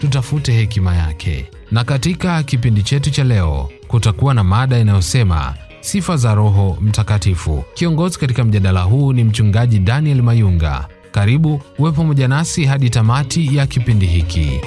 tutafute hekima yake. Na katika kipindi chetu cha leo kutakuwa na mada inayosema sifa za Roho Mtakatifu. Kiongozi katika mjadala huu ni Mchungaji Daniel Mayunga. Karibu uwe pamoja nasi hadi tamati ya kipindi hiki.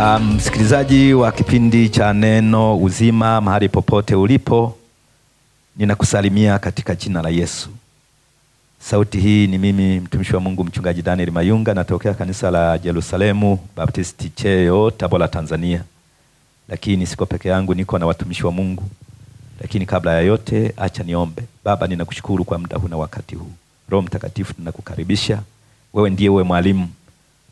Um, msikilizaji um, wa kipindi cha Neno Uzima, mahali popote ulipo, ninakusalimia katika jina la Yesu. Sauti hii ni mimi mtumishi wa Mungu, mchungaji Daniel Mayunga, natokea kanisa la Jerusalemu Baptisti Cheyo, Tabora, Tanzania. Lakini siko peke yangu, niko na watumishi wa Mungu. Lakini kabla ya yote, acha niombe. Baba, ninakushukuru kwa muda huu na wakati huu. Roho Mtakatifu, ninakukaribisha wewe, ndiye uwe mwalimu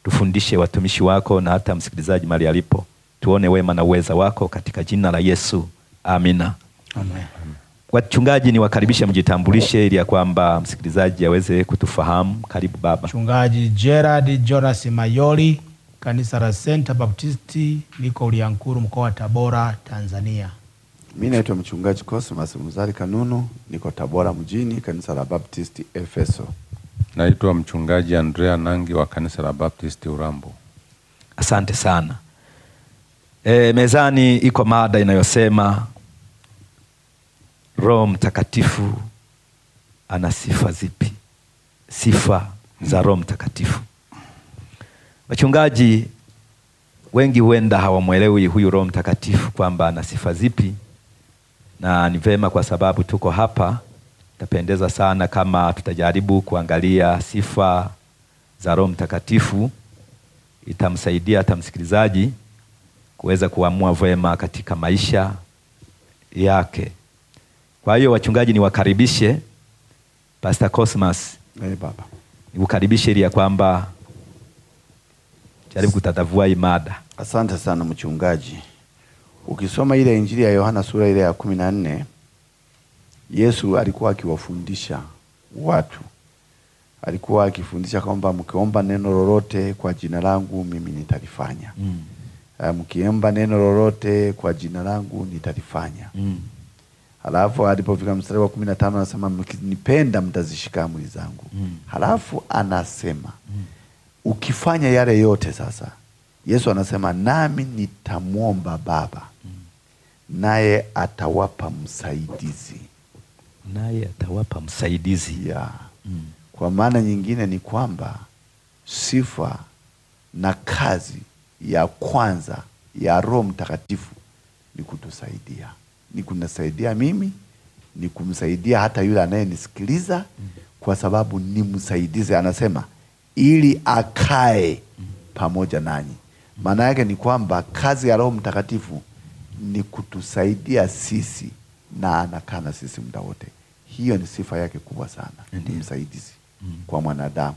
Tufundishe watumishi wako na hata msikilizaji mali alipo, tuone wema na uweza wako katika jina la Yesu, amina. Amen. Wachungaji, niwakaribishe mjitambulishe, ili ya kwamba msikilizaji aweze kutufahamu. Karibu baba mchungaji. Gerard Jonas Mayoli, kanisa la Senta Baptisti, niko Uliankuru, mkoa wa Tabora, Tanzania. Mi naitwa mchungaji Cosmas Mzari Kanunu, niko Tabora mjini, kanisa la Baptisti Efeso. Naitwa mchungaji Andrea Nangi wa kanisa la Baptist Urambo. Asante sana. E, mezani iko mada inayosema Roho Mtakatifu ana sifa zipi? Sifa za Roho Mtakatifu. Wachungaji wengi huenda hawamwelewi huyu Roho Mtakatifu kwamba ana sifa zipi, na ni vema kwa sababu tuko hapa Itapendeza sana kama tutajaribu kuangalia sifa za Roho Mtakatifu. Itamsaidia hata msikilizaji kuweza kuamua vyema katika maisha yake. Kwa hiyo wachungaji, niwakaribishe Pastor Cosmas. Hey, baba. Nikukaribishe ili ya kwamba jaribu kutatavua imada. Asante sana mchungaji. Ukisoma ile Injili ya Yohana sura ile ya kumi na nne Yesu alikuwa akiwafundisha watu, alikuwa akifundisha kwamba mkiomba neno lolote kwa jina langu mimi nitalifanya. mm. Ah, mkiomba neno lolote kwa jina langu nitalifanya. mm. Halafu alipofika mstari wa kumi na tano anasema mkinipenda mtazishika amri zangu. mm. Halafu anasema mm. ukifanya yale yote sasa, Yesu anasema nami nitamwomba Baba mm. naye atawapa msaidizi naye atawapa msaidizi ya. mm. Kwa maana nyingine ni kwamba sifa na kazi ya kwanza ya Roho Mtakatifu ni kutusaidia, ni kunasaidia mimi, ni kumsaidia hata yule anayenisikiliza mm. kwa sababu ni msaidizi, anasema ili akae mm. pamoja nanyi. Maana yake ni kwamba kazi ya Roho Mtakatifu ni kutusaidia sisi na anakaa na sisi muda wote. Hiyo ni sifa yake kubwa sana. Ndiyo. Ni msaidizi mm -hmm. kwa mwanadamu,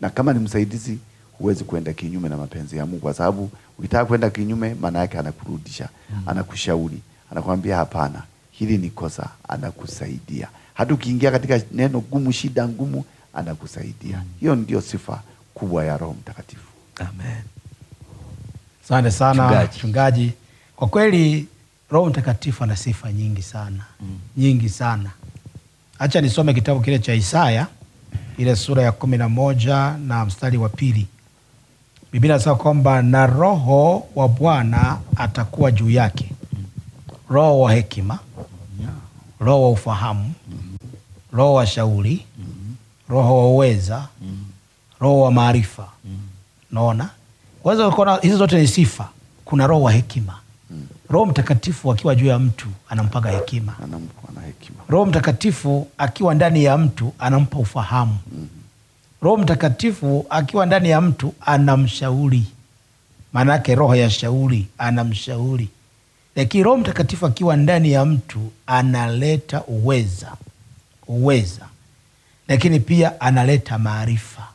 na kama ni msaidizi huwezi kwenda kinyume na mapenzi ya Mungu, kwa sababu ukitaka kwenda kinyume, maana yake anakurudisha mm -hmm. anakushauri, anakwambia hapana, hili ni kosa, anakusaidia hata ukiingia katika neno gumu, shida ngumu, anakusaidia mm -hmm. hiyo ndiyo sifa kubwa ya Roho Mtakatifu. Amen. Asante sana mchungaji, kwa kweli Roho Mtakatifu ana sifa nyingi sana mm. nyingi sana hacha nisome kitabu kile cha Isaya ile sura ya kumi na moja na mstari wa pili. Biblia nasema kwamba na Roho wa Bwana atakuwa juu yake, roho wa hekima, roho wa ufahamu, roho wa shauri, roho wa uweza, roho wa maarifa. Naona hizo zote ni sifa. Kuna roho wa hekima Roho Mtakatifu akiwa juu ya mtu anampaga hekima. Roho Mtakatifu akiwa ndani ya mtu anampa ufahamu. mm -hmm. Roho Mtakatifu akiwa ndani ya mtu anamshauri, maanake roho ya shauri, anamshauri. Lakini Roho Mtakatifu akiwa ndani ya mtu analeta uweza, uweza, lakini pia analeta maarifa,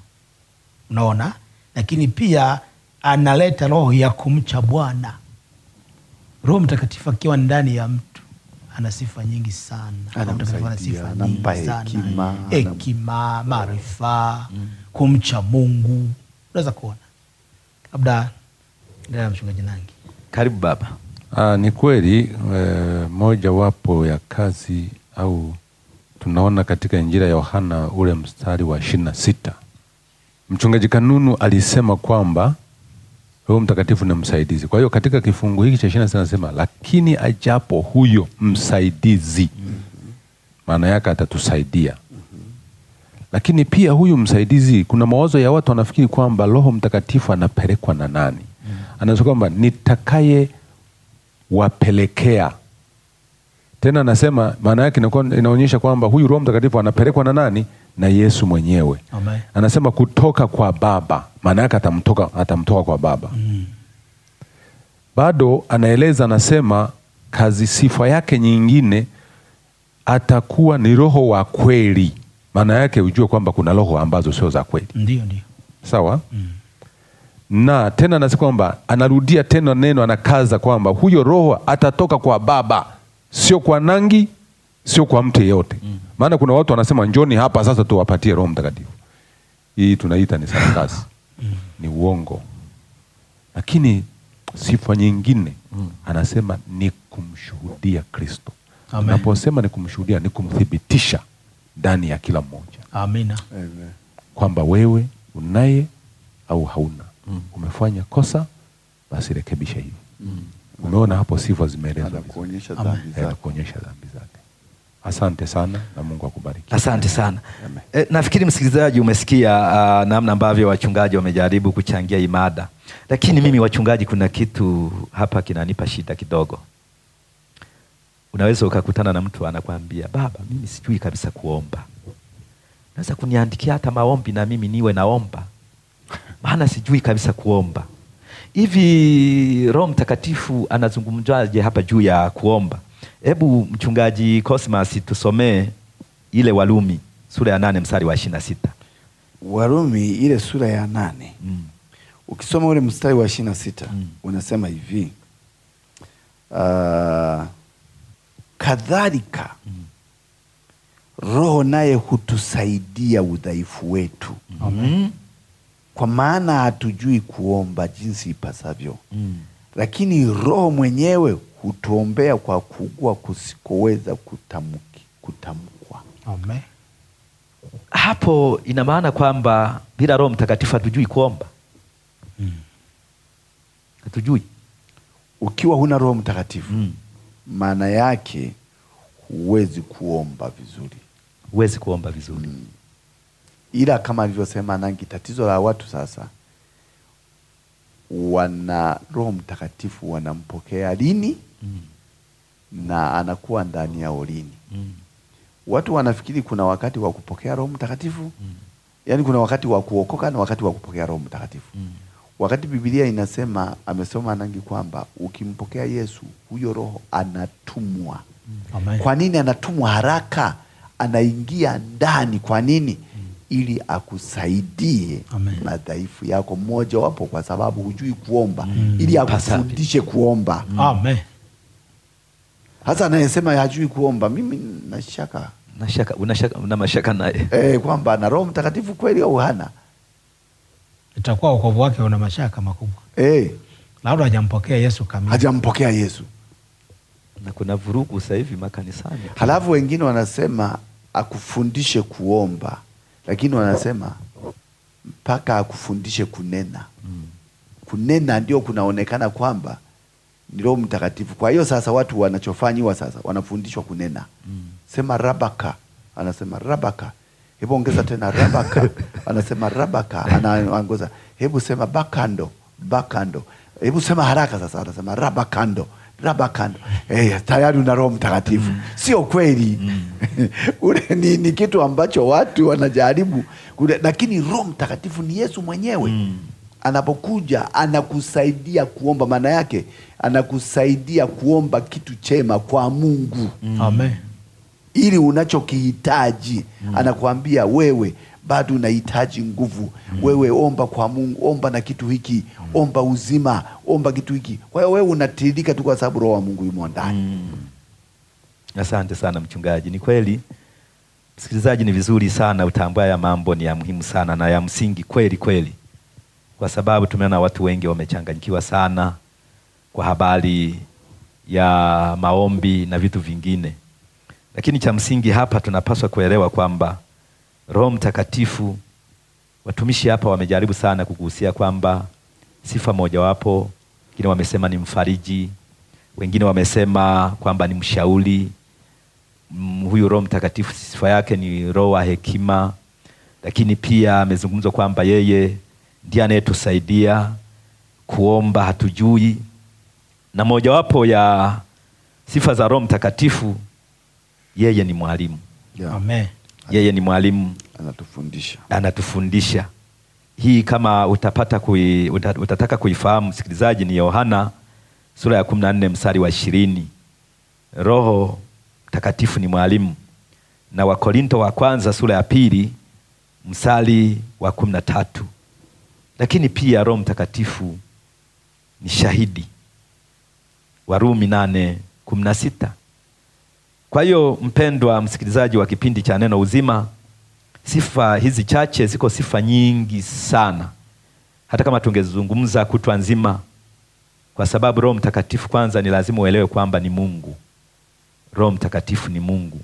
unaona, lakini pia analeta roho ya kumcha Bwana Roho Mtakatifu akiwa ndani ya mtu ana sifa nyingi sana. Ana sifa nyingi sana, hekima, maarifa, mm. kumcha Mungu. Unaweza kuona labda ndio mchungaji Nangi. Karibu baba. Aa, ah, ni kweli e, moja wapo ya kazi au tunaona katika Injili ya Yohana ule mstari wa ishirini na sita mchungaji Kanunu alisema kwamba Roho Mtakatifu ni msaidizi. Kwa hiyo katika kifungu hiki cha ishirini anasema lakini ajapo huyo msaidizi, maana yake atatusaidia. Lakini pia huyu msaidizi, kuna mawazo ya watu wanafikiri kwamba Roho Mtakatifu anapelekwa na nani? Anasema kwamba nitakaye wapelekea tena nasema maana yake inaonyesha kwamba huyu Roho Mtakatifu anapelekwa na nani? Na Yesu mwenyewe. Amen. Anasema kutoka kwa Baba, maana yake atamtoka, atamtoka kwa Baba. Mm. Bado anaeleza anasema, kazi sifa yake nyingine atakuwa ni Roho wa kweli. Maana yake ujue kwamba kuna roho ambazo sio za kweli. Ndio, ndio. Sawa. Mm. Na tena anasema kwamba anarudia tena neno, anakaza kwamba huyo Roho atatoka kwa Baba sio kwa nangi, sio kwa mtu yeyote. Mm. Maana kuna watu wanasema njoni hapa sasa tuwapatie Roho Mtakatifu. Hii tunaita ni sarakasi, mm. ni uongo. Lakini sifa nyingine mm. anasema ni kumshuhudia Kristo. Naposema ni kumshuhudia, ni kumthibitisha ndani ya kila mmoja. Amina, kwamba wewe unaye au hauna, umefanya kosa, basi rekebisha hivi. Umeona hapo sifa zimeelezwa kuonyesha dhambi zake. Asante sana na Mungu akubariki. Asante sana e, nafikiri msikilizaji umesikia uh, namna ambavyo wachungaji wamejaribu kuchangia imada, lakini mimi wachungaji, kuna kitu hapa kinanipa shida kidogo. Unaweza ukakutana na mtu anakwambia, baba, mimi sijui kabisa kuomba, naweza kuniandikia hata maombi na mimi niwe naomba, maana sijui kabisa kuomba. Hivi Roho Mtakatifu anazungumzaje hapa juu ya kuomba? Hebu mchungaji Cosmas tusomee ile Warumi sura ya nane mstari wa ishirini na sita. Warumi ile sura ya nane mm. Ukisoma ule mstari wa ishirini na sita mm. unasema hivi uh, kadhalika mm. Roho naye hutusaidia udhaifu wetu mm. Amen kwa maana hatujui kuomba jinsi ipasavyo mm. Lakini Roho mwenyewe hutuombea kwa kugwa kusikoweza kutamkwa. Hapo ina maana kwamba bila Roho Mtakatifu hatujui kuomba mm. Hatujui. Ukiwa huna Roho Mtakatifu mm. maana mm. yake huwezi kuomba vizuri, huwezi kuomba vizuri mm ila kama alivyosema Nangi, tatizo la watu sasa, wana Roho Mtakatifu wanampokea lini mm. na anakuwa ndani yao lini mm. Watu wanafikiri kuna wakati wa kupokea Roho Mtakatifu mm. yaani kuna wakati wa kuokoka na wakati wa kupokea Roho Mtakatifu mm. Wakati Biblia inasema amesoma Nangi kwamba ukimpokea Yesu huyo Roho anatumwa mm. Kwa nini anatumwa haraka? Anaingia ndani. Kwa nini? ili akusaidie madhaifu yako mmoja wapo, kwa sababu hujui kuomba mm, ili akufundishe kuomba mm. Amen. Hasa anayesema hajui kuomba, mimi nashaka nashaka unashaka una mashaka naye eh, kwamba na Roho Mtakatifu kweli au hana, itakuwa wokovu wake una mashaka makubwa eh, labda hajampokea Yesu kamili, hajampokea Yesu na kuna vurugu sasa hivi makanisani. Halafu wengine wanasema akufundishe kuomba lakini wanasema mpaka akufundishe kunena. Mm. Kunena ndio kunaonekana kwamba ni Roho Mtakatifu. Kwa hiyo sasa watu wanachofanyiwa sasa, wanafundishwa kunena. Mm. Sema rabaka, anasema rabaka Hebu ongeza tena rabaka, anasema rabaka, anaongoza. Hebu sema bakando, bakando. Hebu sema haraka sasa, anasema rabakando raba kando hey, eh, tayari una Roho Mtakatifu. mm. Sio kweli mm. ule ni, ni kitu ambacho watu wanajaribu kule, lakini Roho Mtakatifu ni Yesu mwenyewe mm. Anapokuja anakusaidia kuomba, maana yake anakusaidia kuomba kitu chema kwa Mungu mm. Amen. Ili unachokihitaji mm. anakuambia wewe bado unahitaji nguvu mm. Wewe omba kwa Mungu, omba na kitu hiki mm. Omba uzima, omba kitu hiki. Kwa hiyo wewe unatiririka tu kwa sababu roho wa Mungu yumo ndani mm. Asante sana mchungaji, ni kweli. Msikilizaji, ni vizuri sana utambua haya mambo, ni ya muhimu sana na ya msingi kweli kweli, kwa sababu tumeona watu wengi wamechanganyikiwa sana kwa habari ya maombi na vitu vingine, lakini cha msingi hapa tunapaswa kuelewa kwamba Roho Mtakatifu, watumishi hapa wamejaribu sana kugusia kwamba sifa mojawapo, wengine wamesema ni mfariji, wengine wamesema kwamba ni mshauri. Mm, huyu Roho Mtakatifu sifa yake ni roho wa hekima, lakini pia amezungumzwa kwamba yeye ndiye anayetusaidia kuomba hatujui, na mojawapo ya sifa za Roho Mtakatifu yeye ni mwalimu. Yeah. Amen yeye ni mwalimu anatufundisha, anatufundisha. Hii kama utapata kui, utataka kuifahamu msikilizaji, ni Yohana sura ya kumi na nne mstari wa ishirini. Roho Mtakatifu ni mwalimu, na Wakorinto wa kwanza sura ya pili mstari wa kumi na tatu. Lakini pia Roho Mtakatifu ni shahidi, Warumi nane kumi na sita. Kwa hiyo mpendwa msikilizaji wa kipindi cha Neno Uzima, sifa hizi chache, ziko sifa nyingi sana, hata kama tungezungumza kutwa nzima, kwa sababu Roho Mtakatifu, kwanza ni lazima uelewe kwamba ni Mungu. Roho Mtakatifu ni Mungu,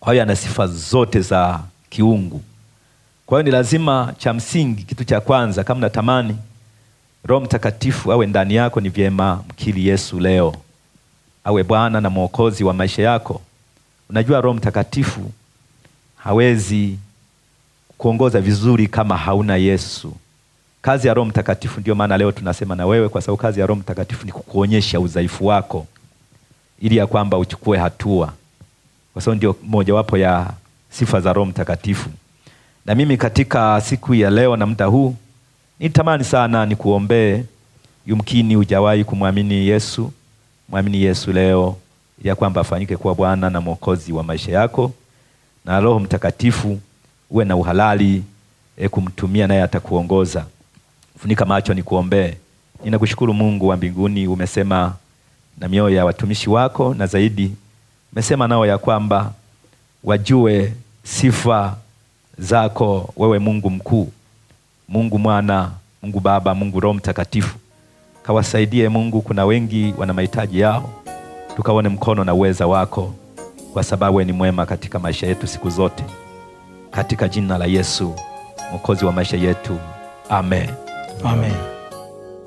kwa hiyo ana sifa zote za kiungu. Kwa hiyo ni lazima, cha msingi, kitu cha kwanza, kama natamani Roho Mtakatifu awe ndani yako, ni vyema mkili Yesu leo awe Bwana na Mwokozi wa maisha yako. Unajua Roho Mtakatifu hawezi kuongoza vizuri kama hauna Yesu. Kazi ya Roho Mtakatifu, ndio maana leo tunasema na wewe, kwa sababu kazi ya Roho Mtakatifu ni kukuonyesha udhaifu wako ili ya kwamba uchukue hatua, kwa sababu ndio mojawapo ya sifa za Roho Mtakatifu. Na mimi katika siku ya leo na muda huu nitamani sana nikuombee. Yumkini hujawahi kumwamini Yesu, mwamini Yesu leo ya kwamba afanyike kuwa Bwana na Mwokozi wa maisha yako, na Roho Mtakatifu uwe na uhalali e, kumtumia naye atakuongoza. Funika macho nikuombee. Ninakushukuru Mungu wa mbinguni, umesema na mioyo ya watumishi wako, na zaidi umesema nao ya kwamba wajue sifa zako wewe, Mungu mkuu, Mungu Mwana, Mungu Baba, Mungu Roho Mtakatifu. Kawasaidie Mungu, kuna wengi wana mahitaji yao tukaone mkono na uweza wako, kwa sababu wewe ni mwema katika maisha yetu siku zote, katika jina la Yesu mwokozi wa maisha yetu, amen, amen.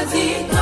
Brasil.